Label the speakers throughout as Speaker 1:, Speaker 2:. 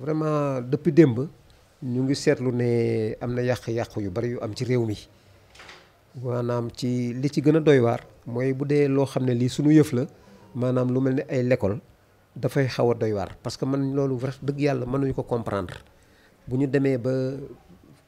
Speaker 1: vraiment depuis démb ñu ngi seetlu ne am na yàq-yàq yu bari yu am ci réew mi maanaam ci li ci gën a doy waar mooy bu dee loo xam ne lii suñu yëf la maanaam lu mel ni ay lekkool dafay xaw a doy waar parce que man loolu wax dëgg yàlla mënuñu ko comprendre bu ñu demee ba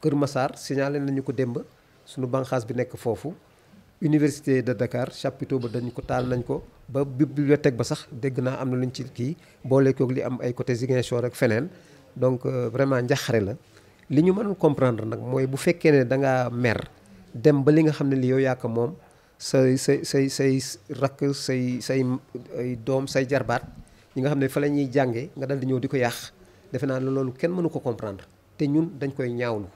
Speaker 1: Kër Massar signalé nañu ko démb suñu banqaas bi nekk foofu université de Dakar chapiteau ba dañ ko taal nañ ko ba bibliothèque ba sax dégg naa am na luñ ci kii boole koog li am ay côté Ziguinchor ak feneen donc euh, vraiment njaxare la li ñu mënul comprendre nag mooy bu fekkee ne da ngaa mer dem ba li nga xam ne li yow yaa ko sa sa say say say rakk say say doom say jarbaat ñi nga xam ne fa la ñuy jàngee nga dal di ñëw di ko yàq defe naa ne loolu kenn mënu ko comprendre te ñun dañ koy ñaawlu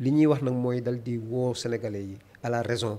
Speaker 1: li ñuy wax nag mooy dal di woo sénégalais yi à raison.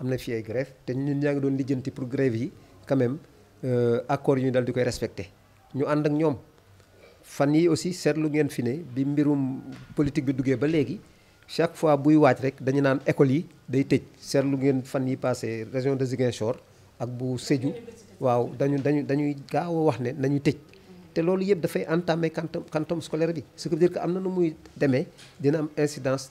Speaker 1: Nous fi ay grève té ñun ñaa nga doon pour grève quand même euh, respecté ñu aussi sétlu ngeen fi politique bi ba chaque fois buy waaj rek dañu naan école yi day tejj sétlu ngeen fan yi passé région de Ziguinchor ak bu waaw dañu dañu dañuy gaaw wax nañu entamer canton scolaire bi ce dire que muy incidence